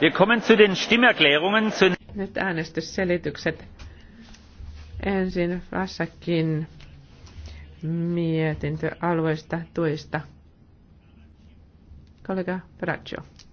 Wir kommen zu den Stimmerklärungen. Zu Nyt äänestysselitykset. Ensin Vassakin mietintö alueista tuista. Kollega Braccio.